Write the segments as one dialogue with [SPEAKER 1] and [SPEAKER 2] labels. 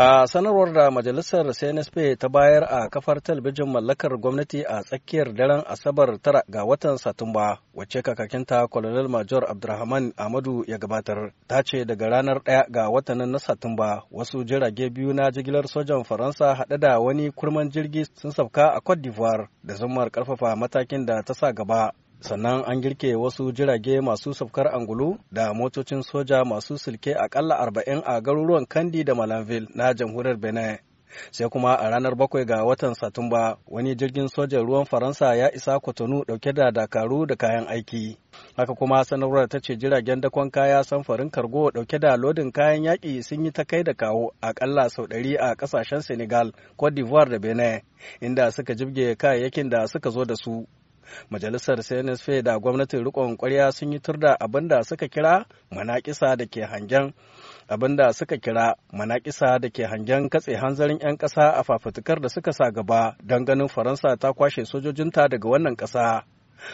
[SPEAKER 1] a sanarwar da majalisar cnsp ta bayar a kafar talabijin mallakar gwamnati a tsakiyar daren asabar tara ga watan satumba wacce kakakinta colonel major abdulrahman Ahmadu ya gabatar ta ce daga ranar ɗaya ga watanin na satumba wasu jirage biyu na jigilar sojan faransa haɗe da wani kurman jirgi sun sauka a cote d'ivoire da zumar karfafa matakin da ta sa gaba sannan an girke wasu jirage masu safkar angulu da motocin soja masu silke akalla arba'in a garuruwan kandi da malanville na jamhuriyar benin sai kuma a ranar bakwai ga watan satumba wani jirgin sojan ruwan faransa ya isa kotonu dauke da dakaru da kayan aiki haka kuma sanarwar ta ce jiragen dakon kaya samfarin kargo dauke da lodin kayan yaƙi sun yi ta kai da kawo akalla sau ɗari a ƙasashen senegal cote d'ivoire da benin inda suka jibge kayayyakin da suka zo da su majalisar cnsf da gwamnatin rikon kwarya sun yi turda abinda suka kira manakisa da ke hangen abinda suka kira manakisa da ke hangen katse hanzarin 'yan ƙasa a fafutukar da suka sa gaba don ganin faransa ta kwashe sojojinta daga wannan ƙasa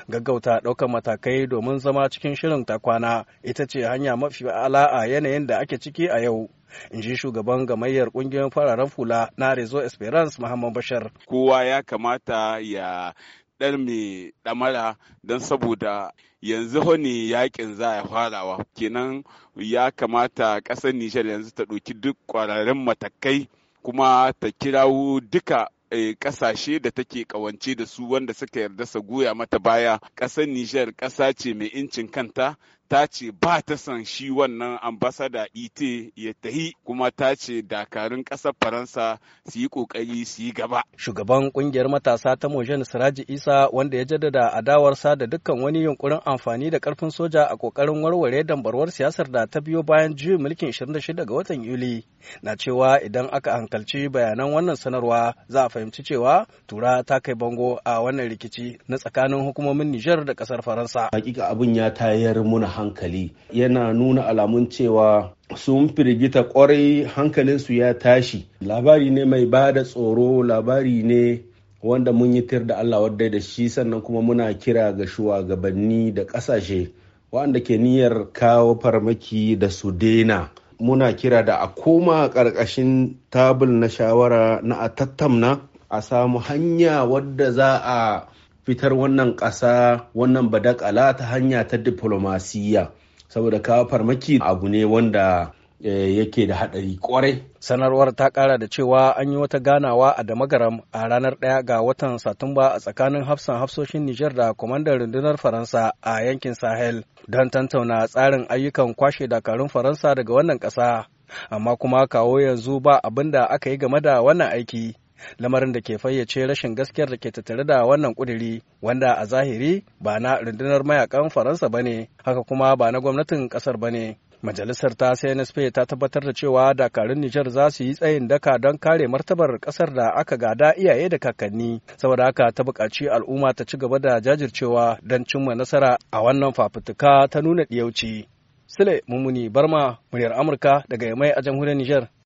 [SPEAKER 1] gaggauta ɗaukar matakai domin zama cikin shirin ta kwana ita ce hanya mafi ala a yanayin da ake ciki a yau in ji shugaban gamayyar ƙungiyar fararen fula na rezo esperance muhammad bashar
[SPEAKER 2] kowa ya kamata ya ɗar mai ɗamara don saboda yanzu ne yakin za a farawa kenan ya kamata ƙasar nijar yanzu ta ɗauki duk ƙwararrun matakai kuma ta kirawo duka eh, ƙasashe da take ƙawance da su wanda suka yarda su goya mata baya ƙasar Nijar ƙasa ce mai incin kanta ta ce ba ta son shi wannan ambasada ite ya tahi kuma ta ce dakarun ƙasar faransa su yi ƙoƙari su yi gaba
[SPEAKER 1] shugaban ƙungiyar matasa ta mojen siraji isa wanda ya jaddada adawarsa da dukkan wani yunkurin amfani da ƙarfin soja a ƙoƙarin warware dambarwar siyasar da ta biyo bayan juyin mulkin 26 ga watan yuli na cewa idan aka hankalci bayanan wannan sanarwa za a fahimci cewa tura ta kai bango a wannan rikici na tsakanin hukumomin nijar da ƙasar faransa hakika
[SPEAKER 3] abin ya tayar muna hankali yana nuna alamun cewa sun firgita kwarai hankalinsu ya tashi labari ne mai ba da tsoro labari ne wanda mun yi tir da allah wadda da shi sannan kuma muna kira ga shugabanni da ƙasashe waɗanda ke niyyar kawo farmaki da su daina muna kira da a koma ƙarƙashin tabul na shawara na a tattamna a samu hanya wadda za a fitar wannan ƙasa wannan badakala ta hanya ta diplomasiyya saboda kawo farmaki abu ne wanda eh, yake da haɗari
[SPEAKER 1] kwarai. Sanarwar ta ƙara da cewa an yi wata ganawa a Damagaram a ranar ɗaya ga watan Satumba a tsakanin hafsan hafsoshin Nijar da kwamandan rundunar Faransa a yankin Sahel don tantauna tsarin ayyukan kwashe dakarun Faransa daga wannan ƙasa. Amma kuma kawo yanzu ba abin da aka yi game da wannan aiki. lamarin da ke fayyace rashin gaskiyar da ke tattare da wannan kuduri wanda a zahiri ba na rundunar mayakan faransa ba ne haka kuma ba na gwamnatin kasar ba ne majalisar ta cnsp ta tabbatar da cewa dakarun nijar za su yi tsayin daka don kare martabar kasar da aka gada iyaye da kakanni saboda haka ta buƙaci al'umma ta ci gaba da jajircewa don cimma nasara a wannan fafutuka ta nuna ɗiyauci sule mummuni barma muryar amurka daga yamai a jamhuriyar nijar